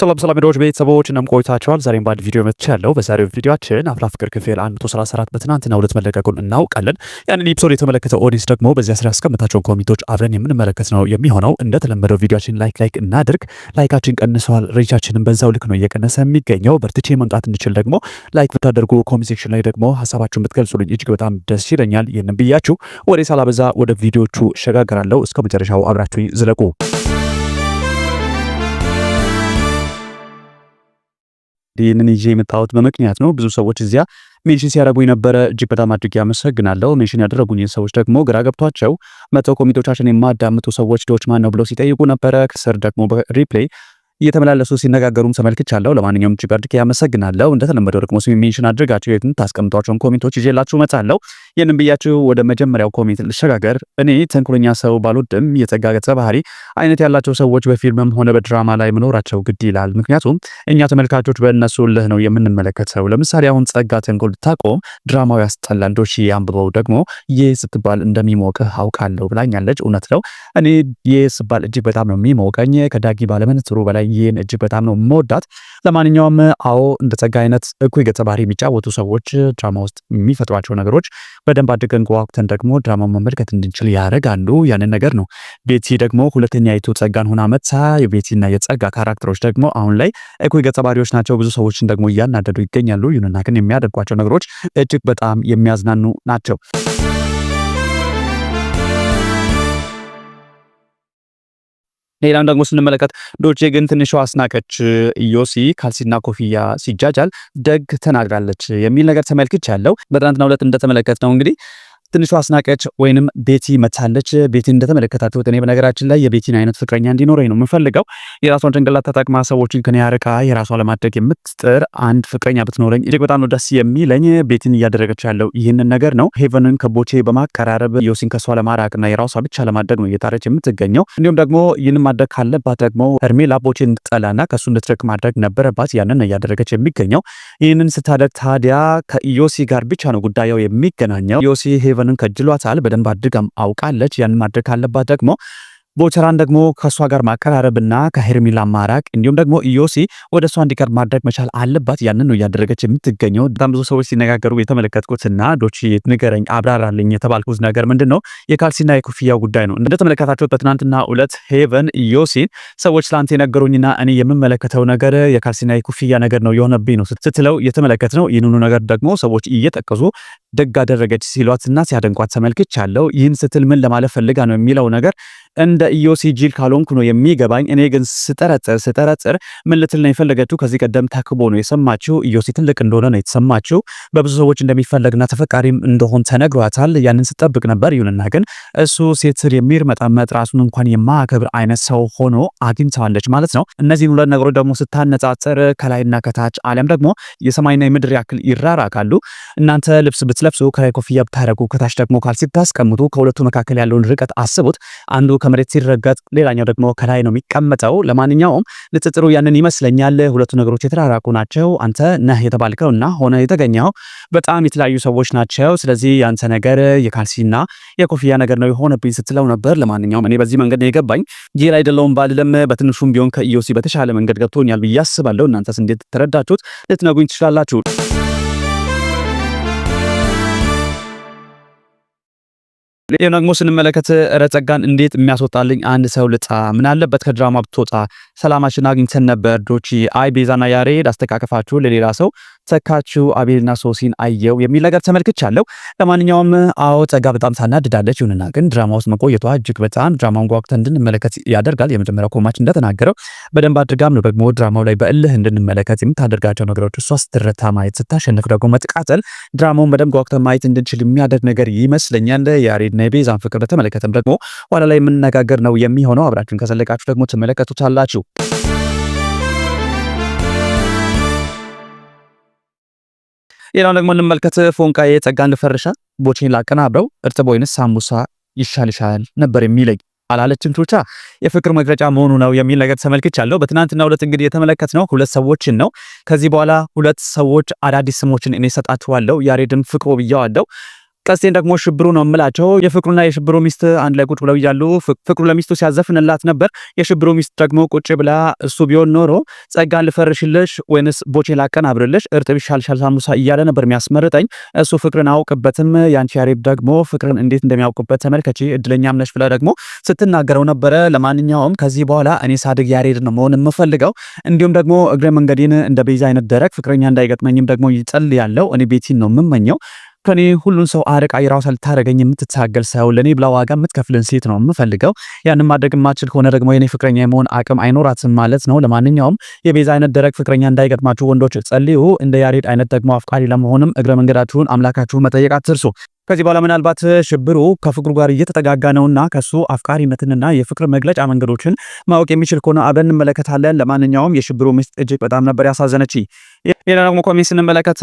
ሰላም ሰላም ዶች ቤተሰቦች እናም ቆይታችኋል። ዛሬም በአንድ ቪዲዮ መጥቻለሁ። በዛሬው ቪዲዮችን አፍላ ፍቅር ክፍል 134 በትናንትና ሁለት መለቀቁን እናውቃለን። ያንን ኢፕሶድ የተመለከተ ኦዲንስ ደግሞ በዚያ ስራ ያስቀምጣቸውን ኮሚንቶች አብረን የምንመለከት ነው የሚሆነው። እንደተለመደው ቪዲዮችን ላይክ ላይክ እናድርግ። ላይካችን ቀንሰዋል፣ ሬቻችንን በዛው ልክ ነው እየቀነሰ የሚገኘው። በርትቼ መምጣት እንችል ደግሞ ላይክ ብታደርጉ፣ ኮሜንት ሴክሽን ላይ ደግሞ ሀሳባችሁን ብትገልጹልኝ እጅግ በጣም ደስ ይለኛል። ይህንን ብያችሁ ወደ ሳላበዛ ወደ ቪዲዮቹ እሸጋገራለሁ። እስከ መጨረሻው አብራችሁ ዝለቁ። ይህንን ይዤ የመጣሁት በምክንያት ነው። ብዙ ሰዎች እዚያ ሜንሽን ሲያደረጉ የነበረ እጅግ በጣም አድርጌ አመሰግናለሁ። ሜንሽን ያደረጉኝ ሰዎች ደግሞ ግራ ገብቷቸው መተው ኮሚቶቻችን የማዳምጡ ሰዎች ዶች ማን ነው ብለው ሲጠይቁ ነበረ። ከስር ደግሞ ሪፕሌይ እየተመላለሱ ሲነጋገሩም ተመልክቻለሁ። ለማንኛውም እጅግ አድርጌ ያመሰግናለሁ። እንደተለመደው ደግሞ ስሚ ሜንሽን አድርጋችሁ የትን ታስቀምጧቸውን ኮሜንቶች ይዤላችሁ መጣለሁ። ይህንም ብያችሁ ወደ መጀመሪያው ኮሜንት ልሸጋገር። እኔ ተንኩለኛ ሰው ባልወድም የተጋገጸ ባህሪ አይነት ያላቸው ሰዎች በፊልምም ሆነ በድራማ ላይ መኖራቸው ግድ ይላል። ምክንያቱም እኛ ተመልካቾች በእነሱ ልህ ነው የምንመለከተው። ለምሳሌ አሁን ጸጋ ተንኩል ልታቆም ድራማው ያስጠላል። ዶሺ አንብበው ደግሞ ይህ ስትባል እንደሚሞቅህ አውቃለሁ ብላኛለች። እውነት ነው። እኔ ይህ ስባል እጅግ በጣም ነው የሚሞቀኝ ከዳጊ ባለመንትሩ በላይ ጸጋዬን እጅግ በጣም ነው መወዳት። ለማንኛውም አዎ እንደ ጸጋ አይነት እኩይ ገጸ ባህሪ የሚጫወቱ ሰዎች ድራማ ውስጥ የሚፈጥሯቸው ነገሮች በደንብ አድርገን ጓጉተን ደግሞ ድራማ መመልከት እንድንችል ያደርጋሉ። ያንን ነገር ነው ቤቲ ደግሞ ሁለተኛ ይቱ ጸጋን ሆና መጥታ የቤቲና የጸጋ ካራክተሮች ደግሞ አሁን ላይ እኩይ ገጸ ባህሪዎች ናቸው። ብዙ ሰዎችን ደግሞ እያናደዱ ይገኛሉ። ይሁንና ግን የሚያደርጓቸው ነገሮች እጅግ በጣም የሚያዝናኑ ናቸው። ሌላም ደግሞ ስንመለከት ዶቼ ግን ትንሹ አስናቀች ኢዮሲ ካልሲና ኮፍያ ሲጃጃል ደግ ተናግራለች የሚል ነገር ተመልክች ያለው በትናንትና ሁለት እንደተመለከት ነው እንግዲህ ትንሿ አስናቀች ወይንም ቤቲ መታለች። ቤቲን እንደተመለከታችሁት እኔ በነገራችን ላይ የቤቲን አይነት ፍቅረኛ እንዲኖረኝ ነው የምፈልገው። የራሷን ጭንቅላት ተጠቅማ ሰዎችን ከኔ ያርቃ የራሷ ለማድረግ የምትጥር አንድ ፍቅረኛ ብትኖረኝ እጅግ በጣም ነው ደስ የሚለኝ። ቤቲን እያደረገች ያለው ይህንን ነገር ነው። ሄቨንን ከቦቼ በማቀራረብ ዮሲን ከሷ ለማራቅና የራሷ ብቻ ለማድረግ ነው እየጣረች የምትገኘው። እንዲሁም ደግሞ ይህንን ማድረግ ካለባት ደግሞ ሄርሜላ ቦቼን እንድጠላና ከእሱ እንድትርቅ ማድረግ ነበረባት። ያንን እያደረገች የሚገኘው ይህንን ስታደርግ ታዲያ ከዮሲ ጋር ብቻ ነው ጉዳዩ የሚገናኘው ዮሲ ሴቨንን ከጅሏታል። በደንብ አድርጋም አውቃለች። ያን ማድረግ ካለባት ደግሞ ቦቸራን ደግሞ ከእሷ ጋር ማቀራረብና ከሄርሚላ ማራቅ እንዲሁም ደግሞ ኢዮሲ ወደ እሷ እንዲቀርብ ማድረግ መቻል አለባት። ያንን ነው እያደረገች የምትገኘው። በጣም ብዙ ሰዎች ሲነጋገሩ የተመለከትኩትና ዶች ንገረኝ፣ አብራራልኝ የተባልኩት ነገር ምንድን ነው? የካልሲና የኮፍያ ጉዳይ ነው። እንደተመለከታቸው በትናንትና ሁለት ሄቨን ኢዮሲን ሰዎች ስላንተ የነገሩኝና እኔ የምመለከተው ነገር የካልሲና የኩፍያ ነገር ነው የሆነብኝ ነው ስትለው የተመለከት ነው። ይህንኑ ነገር ደግሞ ሰዎች እየጠቀሱ ደግ አደረገች ሲሏትና ሲያደንቋት ተመልክቻለሁ። ይህን ስትል ምን ለማለት ፈልጋ ነው የሚለው ነገር እንደ ኢዮሲ ጂል ካልሆንኩ ነው የሚገባኝ። እኔ ግን ስጠረጥር ስጠረጥር ምን ልትል ነው የፈለገችው? ከዚህ ቀደም ታክቦ ነው የሰማችው። ኢዮሲ ትልቅ እንደሆነ ነው የተሰማችው። በብዙ ሰዎች እንደሚፈለግና ተፈቃሪም እንደሆን ተነግሯታል። ያንን ስጠብቅ ነበር። ይሁንና ግን እሱ ሴት ስር የሚርመጠመጥ ራሱን እንኳን የማያከብር አይነት ሰው ሆኖ አግኝተዋለች ማለት ነው። እነዚህን ሁለት ነገሮች ደግሞ ስታነጻጽር ከላይና ከታች አለም ደግሞ የሰማይና የምድር ያክል ይራራቃሉ። እናንተ ልብስ ብትለብሱ ከላይ ኮፍያ ብታደረጉ ከታች ደግሞ ካልሲ ብታስቀምጡ ከሁለቱ መካከል ያለውን ርቀት አስቡት። አንዱ ከመሬት ሲረገጥ፣ ሌላኛው ደግሞ ከላይ ነው የሚቀመጠው። ለማንኛውም ንጽጽሩ ያንን ይመስለኛል። ሁለቱ ነገሮች የተራራቁ ናቸው። አንተ ነህ የተባልከው እና ሆነ የተገኘው በጣም የተለያዩ ሰዎች ናቸው። ስለዚህ የአንተ ነገር የካልሲና የኮፍያ ነገር ነው የሆነብኝ ስትለው ነበር። ለማንኛውም እኔ በዚህ መንገድ ነው የገባኝ። ላይ ደለውን ባልለም በትንሹም ቢሆን ከኢዮሲ በተሻለ መንገድ ገብቶኛል ብዬ አስባለሁ። እናንተስ እንዴት ተረዳችሁት? ልትነጉኝ ትችላላችሁ። ሌላው ደግሞ ስንመለከት ረጸጋን እንዴት የሚያስወጣልኝ አንድ ሰው ልጣ፣ ምን አለበት ከድራማ ብትወጣ፣ ሰላማችን አግኝተን ነበር ዶቺ። አይ ቤዛና ያሬድ አስተካከፋችሁ፣ ለሌላ ሰው ተካችሁ፣ አቤልና ሶሲን አየው የሚል ነገር ተመልክቻለሁ። ለማንኛውም አዎ ጸጋ በጣም ታናድዳለች። ይሁንና ግን ድራማ ውስጥ መቆየቷ እጅግ በጣም ድራማውን ጓጉተን እንድንመለከት ያደርጋል። የመጀመሪያው ኮማች እንደተናገረው በደንብ አድርጋም ነው ደግሞ ድራማው ላይ በእልህ እንድንመለከት የምታደርጋቸው ነገሮች፣ እሷ ስትረታ ማየት፣ ስታሸንፍ ደግሞ መጥቃጠል፣ ድራማውን በደንብ ጓጉተን ማየት እንድንችል የሚያደርግ ነገር ይመስለኛል ያሬድ ቤዛን ፍቅር በተመለከተም ደግሞ ኋላ ላይ የምንነጋገር ነው የሚሆነው። አብራችሁን ከዘለቃችሁ ደግሞ ትመለከቱታላችሁ። ሌላውን ደግሞ እንመልከት። ፎንቃዬ ጸጋን ልፈርሻ ቦቼን ላቀናብረው እርጥብ ወይንስ ሳሙሳ ይሻልሻል ነበር የሚለኝ አላለችም ቹቻ የፍቅር መግለጫ መሆኑ ነው የሚል ነገር ተመልክቻለሁ። በትናንትናው ዕለት እንግዲህ የተመለከትነው ሁለት ሰዎችን ነው። ከዚህ በኋላ ሁለት ሰዎች አዳዲስ ስሞችን እኔ ሰጣችኋለሁ። ያሬድን ፍቅሮ ብያዋለሁ፣ ቀስቴን ደግሞ ሽብሩ ነው የምላቸው። የፍቅሩና የሽብሩ ሚስት አንድ ላይ ቁጭ ብለው እያሉ ፍቅሩ ለሚስቱ ሲያዘፍንላት ነበር። የሽብሩ ሚስት ደግሞ ቁጭ ብላ እሱ ቢሆን ኖሮ ጸጋን ልፈርሽልሽ ወይንስ ቦቼ ላቀናብርልሽ እርጥብ ይሻልሻል ሳሙሳ እያለ ነበር የሚያስመርጠኝ። እሱ ፍቅርን አውቅበትም። ያንቺ ያሬድ ደግሞ ፍቅርን እንዴት እንደሚያውቅበት ተመልከቺ፣ እድለኛም ነሽ ብላ ደግሞ ስትናገረው ነበረ። ለማንኛውም ከዚህ በኋላ እኔ ሳድግ ያሬድ ነው መሆን የምፈልገው። እንዲሁም ደግሞ እግረ መንገዴን እንደ ቤዛ አይነት ደረቅ ፍቅረኛ እንዳይገጥመኝም ደግሞ ይጸል ያለው እኔ ቤቲን ነው የምመኘው። ከኔ ሁሉን ሰው አርቃ የራሷ ልታደረገኝ የምትታገል ሰው ለእኔ ብላ ዋጋ የምትከፍልን ሴት ነው የምፈልገው። ያንን ማድረግ የማችል ከሆነ ደግሞ የኔ ፍቅረኛ የመሆን አቅም አይኖራትም ማለት ነው። ለማንኛውም የቤዛ አይነት ደረቅ ፍቅረኛ እንዳይገጥማችሁ ወንዶች ጸልዩ። እንደ ያሬድ አይነት ደግሞ አፍቃሪ ለመሆንም እግረ መንገዳችሁን አምላካችሁን መጠየቅ አትርሱ። ከዚህ በኋላ ምናልባት ሽብሩ ከፍቅሩ ጋር እየተጠጋጋ ነውና ከሱ አፍቃሪነትንና የፍቅር መግለጫ መንገዶችን ማወቅ የሚችል ከሆነ አብረን እንመለከታለን። ለማንኛውም የሽብሩ ሚስት እጅግ በጣም ነበር ያሳዘነች። ሌላ ደግሞ ኮሜንት ስንመለከት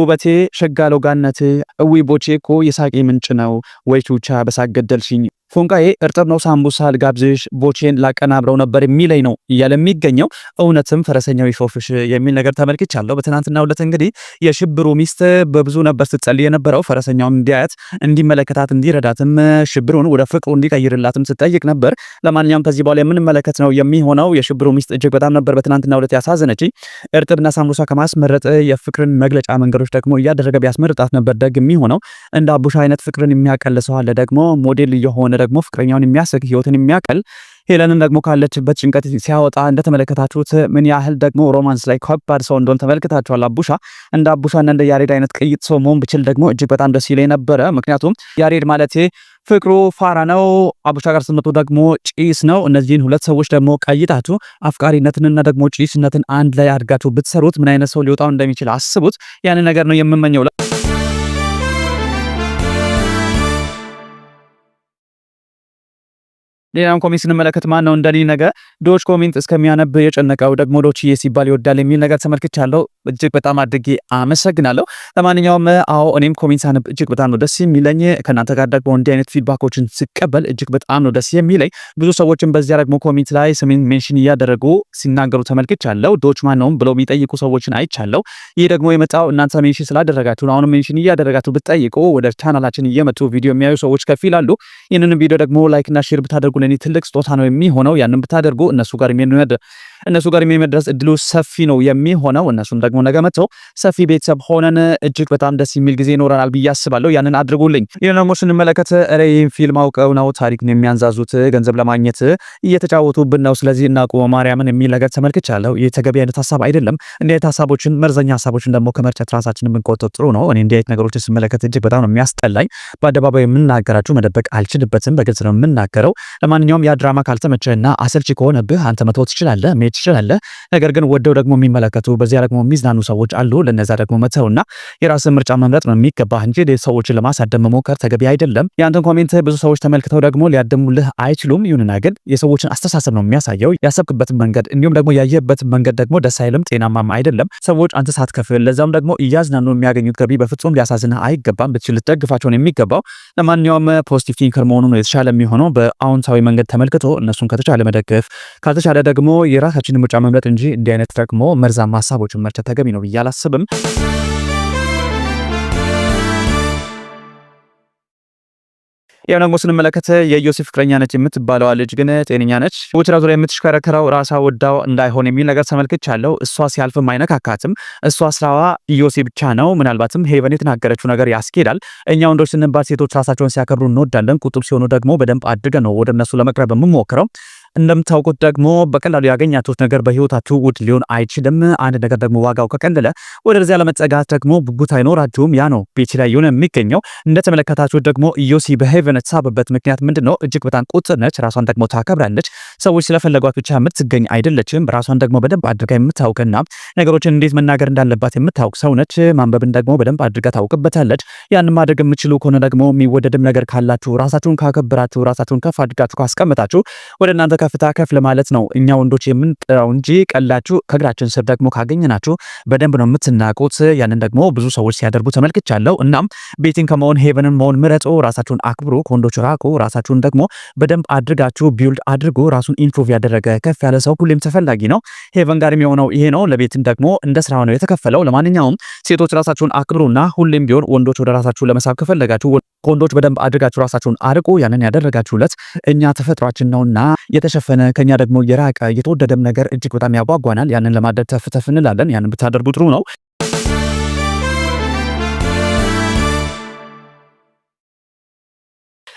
ውበቴ ሸጋ ለውጋነቴ እዊ ቦቼ እኮ የሳቄ ምንጭ ነው ወይ ቹቻ በሳቅ ገደልሽኝ ፎንቃዬ እርጥብ ነው ሳምቡሳ ልጋብዝሽ ቦቼን ላቀናብረው ነበር የሚለኝ ነው እያለ የሚገኘው እውነትም ፈረሰኛው ይሾፍሽ የሚል ነገር ተመልክቻለሁ። በትናንትና ሁለት እንግዲህ የሽብሩ ሚስት በብዙ ነበር ስትጸልይ የነበረው ፈረሰኛውን እንዲያያት፣ እንዲመለከታት፣ እንዲረዳትም ሽብሩን ወደ ፍቅሩ እንዲቀይርላትም ስጠይቅ ነበር። ለማንኛውም ከዚህ በኋላ የምንመለከት ነው የሚሆነው። የሽብሩ ሚስት እጅግ በጣም ነበር በትናንትና ሁለት ያሳዘነች። እርጥብና ሳምቡሳ ከማስመረጥ የፍቅርን መግለጫ መንገዶች ደግሞ እያደረገ ቢያስመርጣት ነበር ደግ የሚሆነው። እንደ አቡሻ አይነት ፍቅርን የሚያቀልሰዋለ ደግሞ ሞዴል የሆነ ደግሞ ፍቅረኛውን የሚያስግ ህይወትን የሚያቀል ሄለንን ደግሞ ካለችበት ጭንቀት ሲያወጣ እንደተመለከታችሁት ምን ያህል ደግሞ ሮማንስ ላይ ከባድ ሰው እንደሆን ተመልክታችኋል። አቡሻ እንደ አቡሻና እንደ ያሬድ አይነት ቅይጥ ሰው መሆን ብችል ደግሞ እጅግ በጣም ደስ ይለኝ ነበረ። ምክንያቱም ያሬድ ማለት ፍቅሩ ፋራ ነው። አቡሻ ጋር ስትመጡ ደግሞ ጭስ ነው። እነዚህን ሁለት ሰዎች ደግሞ ቀይጣችሁ አፍቃሪነትንና ደግሞ ጭስነትን አንድ ላይ አድርጋችሁ ብትሰሩት ምን አይነት ሰው ሊወጣው እንደሚችል አስቡት። ያንን ነገር ነው የምመኘው። ሌላም ኮሜንት ስንመለከት ማን ነው እንደኔ ነገ ዶች ኮሜንት እስከሚያነብ የጨነቀው ደግሞ ዶችዬ ሲባል ይወዳል የሚል ነገር ተመልክቻለሁ። እጅግ በጣም አድጌ አመሰግናለሁ። ለማንኛውም አዎ እኔም ኮሜንት ሳነብ እጅግ በጣም ነው ደስ የሚለኝ። ከእናንተ ጋር ደግሞ እንዲህ አይነት ፊድባኮችን ስቀበል እጅግ በጣም ነው ደስ የሚለኝ። ብዙ ሰዎችን በዚያ ደግሞ ኮሜንት ላይ ስሜን ሜንሽን እያደረጉ ሲናገሩ ተመልክቻለሁ። ዶች ማን ነው ብለው የሚጠይቁ ሰዎችን አይቻለሁ። ይህ ደግሞ የመጣው እናንተ ሜንሽን ስላደረጋችሁ ነው። አሁንም ሜንሽን እያደረጋችሁ ብትጠይቁ ወደ ቻናላችን እየመጡ ቪዲዮ የሚያዩ ሰዎች ከፍ ይላሉ። ይህንን ቪዲዮ ደግሞ ላይክ ላይክና ሼር ብታደርጉ ለእኔ ትልቅ ስጦታ ነው የሚሆነው። ያንን ብታደርጉ እነሱ ጋር የሚመድረስ እድሉ ሰፊ ነው የሚሆነው እነሱም ደግሞ ደግሞ ነገ መጥተው ሰፊ ቤተሰብ ሆነን እጅግ በጣም ደስ የሚል ጊዜ ይኖረናል ብዬ አስባለሁ። ያንን አድርጉልኝ። ይህ ደግሞ ስንመለከት ይህን ፊልም አውቀው ነው ታሪክ ነው የሚያንዛዙት፣ ገንዘብ ለማግኘት እየተጫወቱብን ነው፣ ስለዚህ እናቁመ ማርያምን የሚል ነገር ተመልክቻለሁ። ይህ ተገቢ አይነት ሀሳብ አይደለም። እንዲህ አይነት ሀሳቦችን መርዘኛ ሀሳቦችን ደግሞ ከመርጨት ራሳችን የምንቆጠብ ጥሩ ነው። እኔ እንዲህ አይነት ነገሮችን ስመለከት እጅግ በጣም ነው የሚያስጠላኝ። በአደባባይ የምናገራችሁ መደበቅ አልችልበትም፣ በግልጽ ነው የምናገረው። ለማንኛውም ያ ድራማ ካልተመቸህና አሰልቺ ከሆነብህ አንተ መተው ትችላለህ፣ መሄድ ትችላለህ። ነገር ግን ወደው ደግሞ የሚመለከቱ በዚያ ደግሞ የሚዝና የሚዛኑ ሰዎች አሉ። ለነዛ ደግሞ መተውና የራስን ምርጫ መምረጥ ነው የሚገባህ እንጂ ሌሎች ሰዎችን ለማሳደም መሞከር ተገቢ አይደለም። የአንተን ኮሜንት ብዙ ሰዎች ተመልክተው ደግሞ ሊያደሙልህ አይችሉም። ይሁንና ግን የሰዎችን አስተሳሰብ ነው የሚያሳየው። ያሰብክበትን መንገድ እንዲሁም ደግሞ ያየህበትን መንገድ ደግሞ ደስ አይልም፣ ጤናማም አይደለም። ሰዎች አንተ ሳትከፍል ለዛም ደግሞ እያዝናኑ የሚያገኙት ገቢ በፍጹም ሊያሳዝንህ አይገባም። ብትችል ልትደግፋቸውን የሚገባው። ለማንኛውም ፖዚቲቭ ቲንከር መሆኑ ነው የተሻለ የሚሆነው። በአዎንታዊ መንገድ ተመልክቶ እነሱን ከተቻለ መደገፍ ካልተቻለ ደግሞ የራሳችንን ምርጫ መምረጥ እንጂ እንዲህ አይነት ደግሞ መርዛማ ሀሳቦችን መርጨት ተገቢ ነው ብዬ አላስብም። ያው ደግሞ ስንመለከተ የዮሴፍ ፍቅረኛ ነች የምትባለዋ ልጅ ግን ጤነኛ ነች። ውትራ ዙሪያ የምትሽከረከረው ራሷ ወዳው እንዳይሆን የሚል ነገር ተመልክቻለሁ። እሷ ሲያልፍም አይነካካትም። እሷ ስራዋ ዮሴ ብቻ ነው። ምናልባትም ሄቨን የተናገረችው ነገር ያስኬዳል። እኛ ወንዶች ስንባል ሴቶች ራሳቸውን ሲያከብሩ እንወዳለን። ቁጥብ ሲሆኑ ደግሞ በደንብ አድገ ነው ወደ እነሱ ለመቅረብ የምሞክረው። እንደምታውቁት ደግሞ በቀላሉ ያገኛችሁት ነገር በህይወታችሁ ውድ ሊሆን አይችልም። አንድ ነገር ደግሞ ዋጋው ከቀለለ ወደዚያ ለመጸጋት ደግሞ ጉጉት አይኖራችሁም። ያ ነው ቤት ላይ የሆነ የሚገኘው። እንደተመለከታችሁት ደግሞ ኢዮሲ በሄቨን የተሳበበት ምክንያት ምንድን ነው? እጅግ በጣም ቁጥር ነች። ራሷን ደግሞ ታከብራለች። ሰዎች ስለፈለጓት ብቻ የምትገኝ አይደለችም። ራሷን ደግሞ በደንብ አድርጋ የምታውቅና ነገሮችን እንዴት መናገር እንዳለባት የምታውቅ ሰው ነች። ማንበብን ደግሞ በደንብ አድርጋ ታውቅበታለች። ያን ማድረግ የምችሉ ከሆነ ደግሞ የሚወደድም ነገር ካላችሁ ራሳችሁን ካከብራችሁ ራሳችሁን ከፍ አድርጋችሁ ካስቀምጣችሁ ወደ እናንተ ከፍታ ከፍ ለማለት ነው እኛ ወንዶች የምንጠራው እንጂ ቀላችሁ ከእግራችን ስር ደግሞ ካገኘናችሁ በደንብ ነው የምትናቁት። ያንን ደግሞ ብዙ ሰዎች ሲያደርጉ ተመልክቻለሁ። እናም ቤቲንግ ከመሆን ሄቨንን መሆን ምረጡ። ራሳችሁን አክብሩ፣ ከወንዶች ራቁ። ራሳችሁን ደግሞ በደንብ አድርጋችሁ ቢውልድ አድርጉ። ራሱን ኢምፕሩቭ ያደረገ ከፍ ያለ ሰው ሁሌም ተፈላጊ ነው። ሄቨን ጋር የሚሆነው ይሄ ነው። ለቤትም ደግሞ እንደ ስራ ነው የተከፈለው። ለማንኛውም ሴቶች ራሳችሁን አክብሩና ሁሌም ቢሆን ወንዶች ወደ ራሳችሁ ለመሳብ ከፈለጋችሁ ከወንዶች በደንብ አድርጋችሁ ራሳችሁን አርቁ። ያንን ያደረጋችሁለት እኛ ተፈጥሯችን ነውና የተሸፈነ ከኛ ደግሞ የራቀ የተወደደም ነገር እጅግ በጣም ያጓጓናል። ያንን ለማድረግ ተፍተፍ እንላለን። ያንን ብታደርጉ ጥሩ ነው።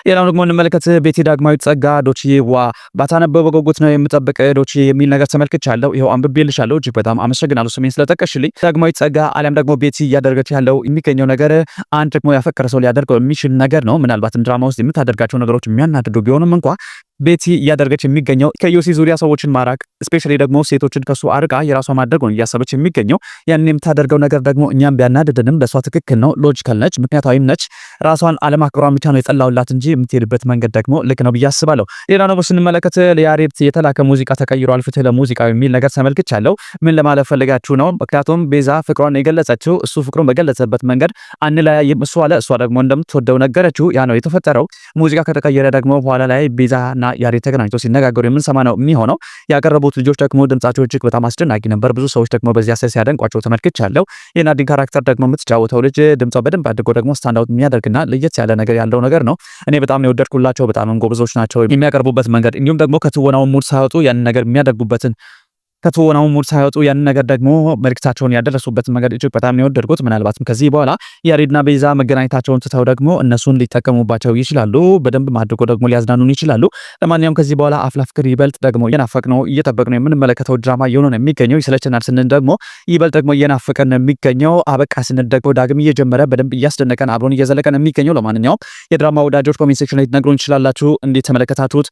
ሌላው ደግሞ እንመለከት ቤቴ ዳግማዊት ጸጋ ዶችዬ ዋ ባታነበው በጉጉት ነው የምጠብቅ ዶችዬ የሚል ነገር ተመልክቻለሁ። ይኸው አንብቤልሻለሁ። እጅግ በጣም አመሰግናለሁ ስሜን ስለጠቀሽልኝ። ዳግማዊ ጸጋ አሊያም ደግሞ ቤቲ እያደረገች ያለው የሚገኘው ነገር አንድ ደግሞ ያፈቀረ ሰው ሊያደርገው የሚችል ነገር ነው። ምናልባትም ድራማ ውስጥ የምታደርጋቸው ነገሮች የሚያናድዱ ቢሆንም እንኳ ቤቲ እያደረገች የሚገኘው ከዮሲ ዙሪያ ሰዎችን ማራቅ እስፔሻሊ ደግሞ ሴቶችን ከሱ አርቃ የራሷ ማድረግ እያሰበች የሚገኘው። ያን የምታደርገው ነገር ደግሞ እኛም ቢያናድድንም ለእሷ ትክክል ነው፣ ሎጂካል ነች፣ ምክንያታዊም ነች። ራሷን አለማክበሯን ብቻ ነው የጠላውላት እንጂ የምትሄድበት መንገድ ደግሞ ልክ ነው ብዬ አስባለሁ። ሌላ ደግሞ ስንመለከት የአሬት የተላከ ሙዚቃ ተቀይሯል፣ ፍትህ ለሙዚቃ የሚል ነገር ተመልክቻለሁ። ምን ለማለት ፈልጋችሁ ነው? ምክንያቱም ቤዛ ፍቅሯን የገለጸችው እሱ ፍቅሩን በገለጸበት መንገድ አንለያይም እሱ አለ፣ እሷ ደግሞ እንደምትወደው ነገረችው። ያ ነው የተፈጠረው። ሙዚቃ ከተቀየረ ደግሞ በኋላ ላይ ቤዛና ያሬት ተገናኝቶ ሲነጋገሩ የምንሰማ ነው የሚሆነው። ያቀረቡት ልጆች ደግሞ ድምጻቸው እጅግ በጣም አስደናቂ ነበር። ብዙ ሰዎች ደግሞ በዚያ ሰ ሲያደንቋቸው ተመልክቻለሁ። የናዲን ካራክተር ደግሞ የምትጫወተው ልጅ ድምጿ በደንብ አድርጎ ደግሞ ስታንዳውት የሚያደርግና ለየት ያለ ነገር ያለው ነገር ነው እኔ በጣም ነው የወደድኩላቸው። በጣም ጎበዞች ናቸው የሚያቀርቡበት መንገድ፣ እንዲሁም ደግሞ ከትወናው ሙድ ሳያወጡ ያንን ነገር የሚያደርጉበትን ከትወናው ሙድ ሳይወጡ ያን ነገር ደግሞ መልእክታቸውን ያደረሱበትን መንገድ እጅግ በጣም ነው የወደድኩት። ምናልባትም ከዚህ በኋላ ያሬድና ቤዛ መገናኘታቸውን ትተው ደግሞ እነሱን ሊጠቀሙባቸው ይችላሉ። በደንብ ማድርጎ ደግሞ ሊያዝናኑን ይችላሉ። ለማንኛውም ከዚህ በኋላ አፍላ ፍቅር ይበልጥ ደግሞ እየናፈቅ ነው እየጠበቅ ነው የምንመለከተው ድራማ እየሆነ ነው የሚገኘው። ይሰለቸናል ስንል ደግሞ ይበልጥ ደግሞ እየናፈቀ ነው የሚገኘው። አበቃ ስንል ደግሞ ዳግም እየጀመረ በደንብ እያስደነቀን አብሮን እየዘለቀ ነው የሚገኘው። ለማንኛውም የድራማ ወዳጆች ኮሜንት ሴክሽን ላይ ትነግሩን ይችላላችሁ። እንዴት ተመለከታችሁት?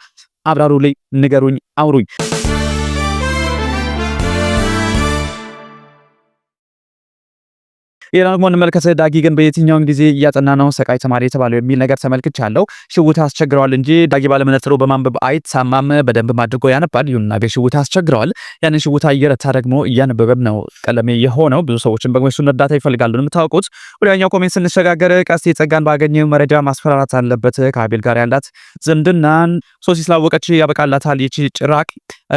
አብራሩ ላይ ንገሩኝ፣ አውሩኝ። ሌላ ደግሞ እንመልከት። ዳጊ ግን በየትኛውም ጊዜ እያጠና ነው ሰቃይ ተማሪ የተባለው የሚል ነገር ተመልክቻለሁ። ሽውታ አስቸግረዋል እንጂ ዳጊ ባለመነጽሩ በማንበብ አይታማም፣ በደንብ አድርጎ ያነባል። ይሁንና ግን አስቸግረዋል። ያንን ሽውታ እየረታ ደግሞ እያነበበም ነው ቀለሜ የሆነው። ብዙ ሰዎችን በግሞ እሱን እርዳታ ይፈልጋሉ። የምታውቁት ወዲያኛው ኮሜንት ስንሸጋገር ቀስቴ ጸጋን ባገኘ መረጃ ማስፈራራት አለበት። ከአቤል ጋር ያላት ዝምድናን ሶሲ ስላወቀች ያበቃላታል። ይቺ ጭራቅ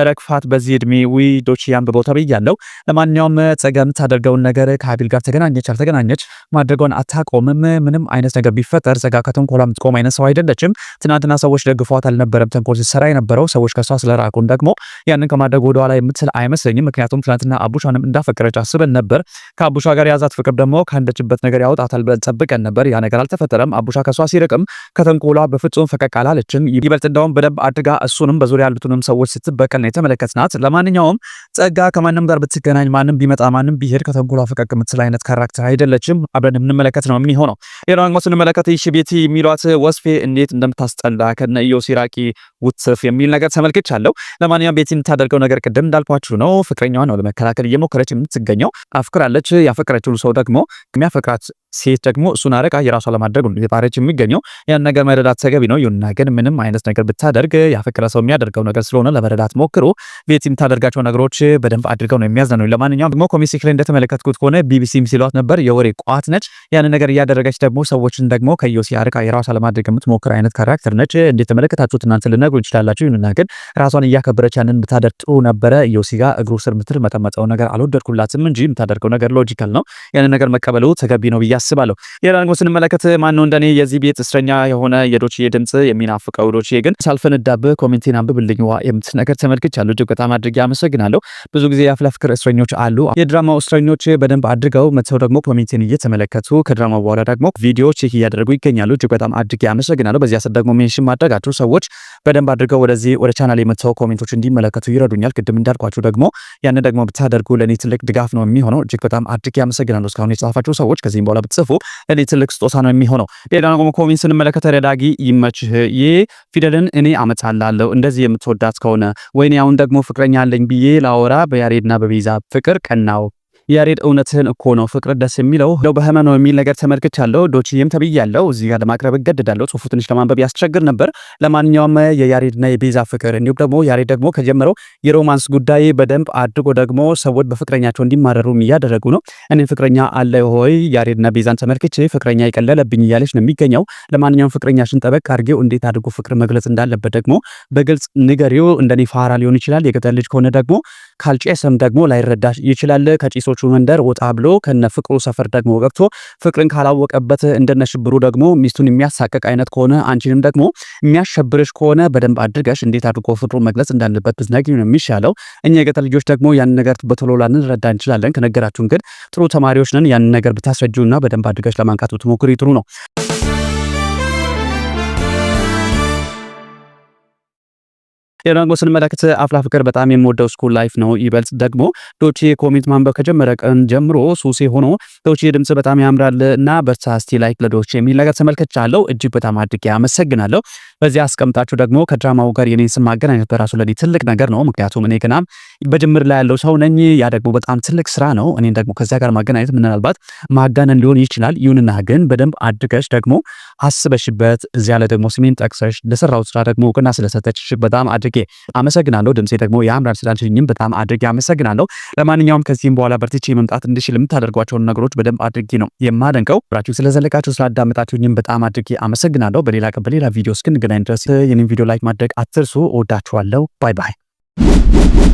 ረግፋት በዚህ እድሜ ዊዶች ያንብበው ተብያለው። ለማንኛውም ጸጋ የምታደርገውን ነገር ከአቤል ጋር ተገናኘች። ካገኘች ያልተገናኘች ማድረገውን አታቆምም። ምንም አይነት ነገር ቢፈጠር ዘጋ ከተንኮሏ የምትቆም አይነት ሰው አይደለችም። ትናንትና ሰዎች ደግፏት አልነበረም ተንኮል ሲሰራ የነበረው ሰዎች ከሷ ስለራቁን ደግሞ ያንን ከማድረግ ወደኋላ የምትል አይመስለኝም። ምክንያቱም ትናንትና አቡሻንም እንዳፈቀረች አስበን ነበር። ከአቡሻ ጋር የያዛት ፍቅር ደግሞ ካለችበት ነገር ያወጣታል ብለን ጠብቀን ነበር። ያ ነገር አልተፈጠረም። አቡሻ ከሷ ሲርቅም ከተንኮሏ በፍጹም ፈቀቅ አላለችም። ይበልጥ እንዳውም በደንብ አድጋ እሱንም በዙሪያ ያሉትንም ሰዎች ስትበቀል ነው የተመለከትናት። ለማንኛውም ጸጋ ከማንም ጋር ብትገናኝ ማንም ቢመጣ ማንም ቢሄድ ከተንኮሏ ፈቀቅ የምትል አይነት ካራክተር ፕሮዳክት አይደለችም። አብረን የምንመለከት ነው የሚሆነው። ሌላው ስንመለከት ይህች ቤቲ የሚሏት ወስፌ እንዴት እንደምታስጠላ ከነ ኢዮሲራቂ ውትፍ የሚል ነገር ተመልክቻለሁ። ለማንኛውም ቤቲ የምታደርገው ነገር ቅድም እንዳልኳችሁ ነው። ፍቅረኛዋ ነው ለመከላከል እየሞከረች የምትገኘው። አፍቅራለች። ያፈቅረችው ሰው ደግሞ የሚያፈቅራት ሴት ደግሞ እሱን አረቃ የራሷ ለማድረግ የጣረች የሚገኘው ያን ነገር መረዳት ተገቢ ነው። ይሁንና ግን ምንም አይነት ነገር ብታደርግ ያፈቀረ ሰው የሚያደርገው ነገር ስለሆነ ለመረዳት ሞክሩ። ቤት የምታደርጋቸው ነገሮች በደንብ አድርገው ነው የሚያዝነው። ለማንኛውም ደግሞ ኮሚሲ ላይ እንደተመለከትኩት ከሆነ ቢቢሲ ሲሏት ነበር የወሬ ቋት ነች። ያን ነገር እያደረገች ደግሞ ሰዎችን ደግሞ ከዮሲ አረቃ የራሷ ለማድረግ የምትሞክር አይነት ካራክተር ነች። እንደተመለከታችሁት እናንተ ልነግሩ ይችላላችሁ። ይሁንና ግን ራሷን እያከበረች ያንን ብታደርግ ጥሩ ነበረ። ዮሲ ጋር እግሩ ስር ምትል መጠመጠው ነገር አልወደድኩላትም እንጂ የምታደርገው ነገር ሎጂካል ነው። ያን ነገር መቀበሉ ተገቢ ነው ብያ አስባለሁ። ሌላ ደግሞ ስንመለከት ነው እንደኔ የዚህ ቤት እስረኛ የሆነ የዶችዬ ድምፅ የሚናፍቀው ዶችዬ ግን ሳልፈነዳብህ ኮሜንቴን አንብብልኝ ዋ የምትል ነገር ተመልክቻለሁ። እጅግ በጣም አድርጌ አመሰግናለሁ። ብዙ ጊዜ የአፍላ ፍቅር እስረኞች አሉ። የድራማው እስረኞች በደንብ አድርገው መተው ደግሞ ኮሜንቴን እየተመለከቱ ከድራማው በኋላ ደግሞ ቪዲዮዎች ቼክ እያደረጉ ይገኛሉ። እጅግ በጣም አድርጌ አመሰግናለሁ። በዚያ ስር ደግሞ ሜንሽን ማድረጋቸው ሰዎች በደንብ አድርገው ወደዚህ ወደ ቻናል የመተው ኮሜንቶች እንዲመለከቱ ይረዱኛል። ቅድም እንዳልኳቸው ደግሞ ያንን ደግሞ ብታደርጉ ለእኔ ትልቅ ድጋፍ ነው የሚሆነው። እጅግ በጣም አድርጌ አመሰግናለሁ እስካሁን የጻፋቸው ሰዎች ከዚህም በኋላ ብትጽፉ እኔ ትልቅ ስጦታ ነው የሚሆነው። ሌላ ደግሞ ኮሜንት ስንመለከተ ረዳጊ ይመችህ፣ ይህ ፊደልን እኔ አመጣላለሁ እንደዚህ የምትወዳት ከሆነ ወይኔ አሁን ደግሞ ፍቅረኛ አለኝ ብዬ ላወራ በያሬድና በቤዛ ፍቅር ቀናው ያሬድ እውነትህን እኮ ነው ፍቅር ደስ የሚለው ለው በህመ ነው የሚል ነገር ተመልክቻለሁ። ዶችዬም ተብያለሁ። እዚህ ጋር ለማቅረብ እገደዳለሁ። ጽሁፉ ትንሽ ለማንበብ ያስቸግር ነበር። ለማንኛውም የያሬድና የቤዛ ፍቅር እንዲሁም ደግሞ ያሬድ ደግሞ ከጀመረው የሮማንስ ጉዳይ በደንብ አድርጎ ደግሞ ሰዎች በፍቅረኛቸው እንዲማረሩ እያደረጉ ነው። እኔ ፍቅረኛ አለ ሆይ ያሬድና ቤዛን ተመልክቼ ፍቅረኛ ይቀለለብኝ እያለች ነው የሚገኘው። ለማንኛውም ፍቅረኛሽን ጠበቅ አድርጌው እንዴት አድርጎ ፍቅር መግለጽ እንዳለበት ደግሞ በግልጽ ንገሪው። እንደኔ ፋራ ሊሆን ይችላል። የገጠር ልጅ ከሆነ ደግሞ ካልጨሰም ደግሞ ላይረዳ ይችላል። ከጭሶ ከነሾቹ መንደር ወጣ ብሎ ከነ ፍቅሩ ሰፈር ደግሞ ገብቶ ፍቅርን ካላወቀበት እንደነ ሽብሩ ደግሞ ሚስቱን የሚያሳቅቅ አይነት ከሆነ አንቺንም ደግሞ የሚያሸብርሽ ከሆነ በደንብ አድርገሽ እንዴት አድርጎ ፍቅሩን መግለጽ እንዳለበት ብትነግሪው ነው የሚሻለው። እኛ የገጠር ልጆች ደግሞ ያን ነገር በቶሎ ላንረዳ እንችላለን። ከነገራችሁን ግን ጥሩ ተማሪዎች ነን። ያን ነገር ብታስረጁና በደንብ አድርገሽ ለማንቃት ብትሞክሪ ጥሩ ነው። ሌላው ስንመለከት አፍላ ፍቅር በጣም የምወደው ስኩል ላይፍ ነው። ይበልጥ ደግሞ ዶቼ ኮሚት ማንበብ ከጀመረ ቀን ጀምሮ ሱሴ ሆኖ ዶቼ ድምጽ በጣም ያምራል እና በርታ እስቲ ላይክ ለዶቼ የሚል ነገር ተመልክቻለሁ። እጅግ በጣም አድርጌ አመሰግናለሁ። በዚህ አስቀምጣችሁ ደግሞ ከድራማው ጋር የኔን ስም ማገናኘት በራሱ ለኔ ትልቅ ነገር ነው። ምክንያቱም እኔ ገና በጅምር ላይ ያለው ሰው ነኝ። ያ ደግሞ በጣም ትልቅ ስራ ነው። እኔን ደግሞ ከዚያ ጋር ማገናኘት ምናልባት ማጋነን ሊሆን ይችላል። ይሁንና ግን በደንብ አድገሽ ደግሞ አስበሽበት እዚያ ላይ ደግሞ ስሜን ጠቅሰሽ ለሰራው ስራ ደግሞ እውቅና ስለሰጠችሽ በጣም አድ አድርጌ አመሰግናለሁ። ድምፄ ደግሞ የአምራር ስላልሽኝም በጣም አድርጌ አመሰግናለሁ። ለማንኛውም ከዚህም በኋላ በርትቼ መምጣት እንድችል የምታደርጓቸውን ነገሮች በደንብ አድርጌ ነው የማደንቀው። ብራችሁ ስለዘለቃችሁ ስላዳመጣችሁኝም በጣም አድርጌ አመሰግናለሁ። በሌላ ቀን በሌላ ቪዲዮ እስክንገናኝ ድረስ ይህንን ቪዲዮ ላይክ ማድረግ አትርሱ። እወዳችኋለሁ። ባይ ባይ።